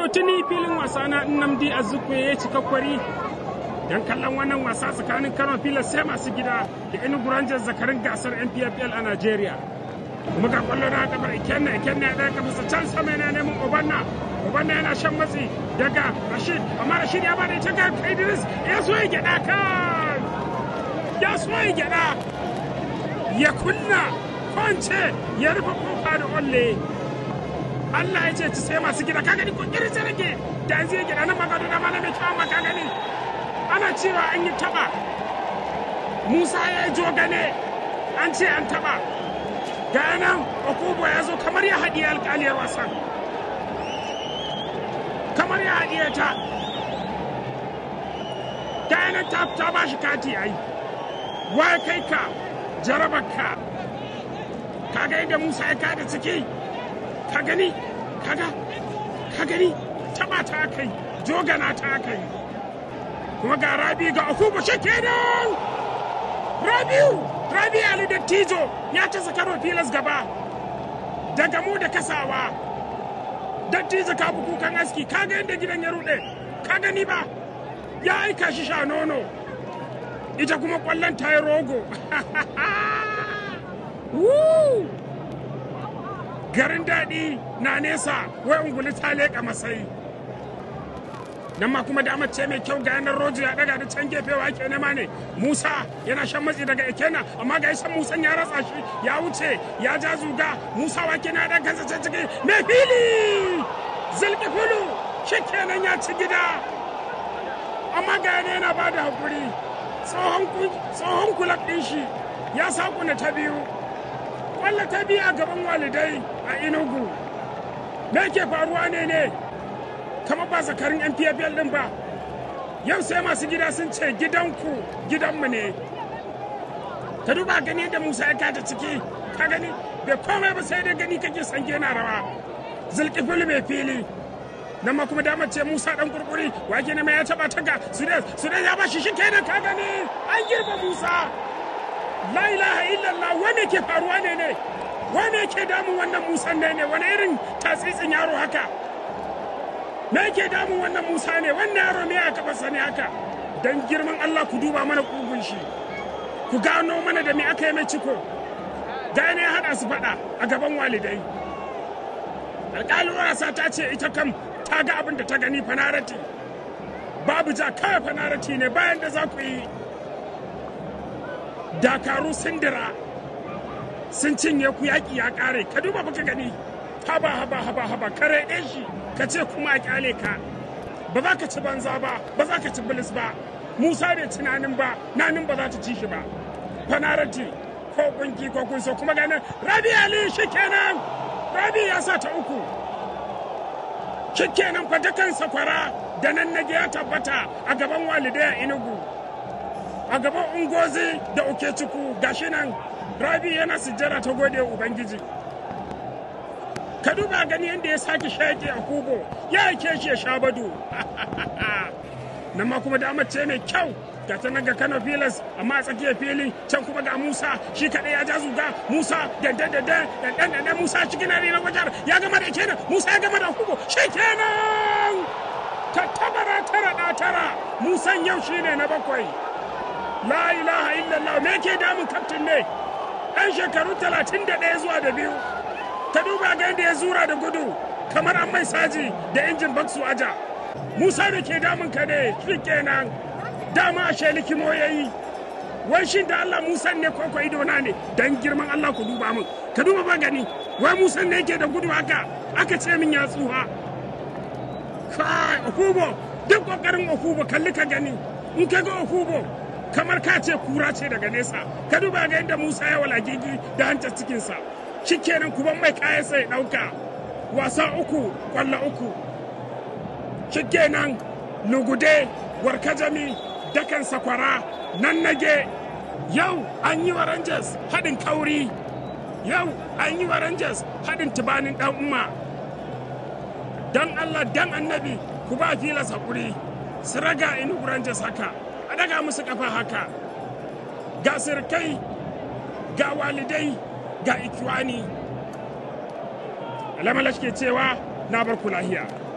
to tuni filin wasa na nnamdi azukwe ya cika kwari don kallon wannan wasa tsakanin kano filas sai masu gida da enugu rangers zakarin gasar npfl a nigeria kuma ga kwallo na gabar ikenna ikenna ya daga musu can sama yana neman obanna obanna yana shan matsi daga rashid amma rashid ya bada ita ga idris ya so ya gyada kan ya so ya gyada ya kunna kwance ya rufe kofa da olle Allah ya ce ci sai masu gida ka gani ko irin sai rage da yanzu ya gida nan ma gado dama na mai amma ka gani ana cewa an yi taba Musa ya jo gane an ce an taba ga nan Okubo ya zo kamar ya hadiya alƙaliyar wasan kamar ya hadiya ta ga nan ta ta ba shi kati ai waye kai ka jarabar ka kaga yadda Musa ya kada ciki ka gani kaga ka gani taba ta kai jogana ta kai kuma ga rabi ga akuba kenan rabiu rabi ali da tijo ya ta sakaro filas gaba daga mu da kasawa dattijo tijo ka buku kan aski kaga yadda gidan ya rude ka gani ba ya aika shi sha nono ita kuma kwallon ta yi rogo Woo! garin daɗi na nesa wai unguli ta leƙa masai nan ma kuma damar ce mai kyau ga yanar rojo ya daga da can gefewa ke nema ne musa yana shan matsi daga ikena amma ga isan musan ya ratsa shi ya wuce ya ja zuga musa wake na dan kansa can ciki mai fili zilki fulu shi kenan ya ci gida amma ga yana ba da haƙuri tsohon kulak ɗin shi ya sakuna ta biyu Allah ta biyu a gaban walidai a inugu Me ke faruwa ne ne? Kamar ba zakarin MPFL din ba. Yau sai masu gida sun ce gidanku gidanmu ne. Ka duba gani da Musa ya kata ciki, ka gani bai komai ba sai dai gani kake sange na rawa. Zulkifil mai fili. Nan ma kuma damar ce Musa dan kurkuri, wake ne mai ya taba taga, su ya ba shi shi kenan ka gani, an girba Musa. la ilaha illallah wane ke faruwa ne ne wane ke damun wannan musan ne ne wani irin tatsitsin yaro haka me ke damun wannan musa ne wannan yaro me ya basa ne haka dan girman Allah ku duba mana kugun shi ku gano mana da me aka yi mai ciko gane ya hada su fada a gaban walidai alƙalin wasa ta ce ita kam ta ga abin da ta gani fanarati babu ja kawai fanarati ne bayan da za ku yi dakaru sun dira sun cinye ku yaƙi ya ƙare ka duba baka gani haba haba haba haba kare ɗan shi ka ce kuma a ƙyale ka ba za ka ci banza ba ba za ka ci bilis ba musa bai ci nanin ba nanin ba za ta ci shi ba fanarati ko kunki ko kun so kuma ganin rabi ali shi kenan rabi ya sa ta uku shi kenan fa kansa sakwara da nan na ya tabbata a gaban walidai a inugu a gaban ungozi da uke ciku gashi nan rabi yana sujjara ta gode ubangiji ka duba gani yadda ya sake shaƙi a kubo ya aike shi ya sha badu nan kuma damar ce mai kyau ga ta nan ga kano filas amma a tsakiyar filin can kuma ga musa shi kaɗai ya ja zuga musa dandan dandan dandan dandan musa cikin ari na wajar ya gama da kenan musa ya gama da kubo shi kenan ta tabara tara tara musan yau shine na bakwai la ilaha illallah me ke damun kaftin ne ɗan shekaru talatin da ɗaya zuwa da biyu ta duba ga yadda ya zura da gudu kamar an mai saji da injin baksu aja musa da ke damun ka ne shi kenan dama a shelikimo ya wai shin da allah musa ne koko idona ne don girman allah ku duba min ka duba ba gani wai musa ne yake da gudu haka aka ce min ya tsuha kai okubo duk kokarin okubo kalli ka gani in ka ga okubo kamar ka ce kura ce daga nesa ka duba ga yadda musa ya walagigi da hantar cikinsa shi kenan kuma mai kayan sai ɗauka wasa uku kwallo uku shi lugude warkajami dakan sakwara nan nage yau an yi wa rangers haɗin kauri yau an yi wa rangers haɗin tubanin ɗan umma don allah dan annabi ku ba fila haƙuri su raga inu rangers haka daga musu kafa haka ga sirkai ga walidai ga ikiwani alamalash ke cewa na bar lahiya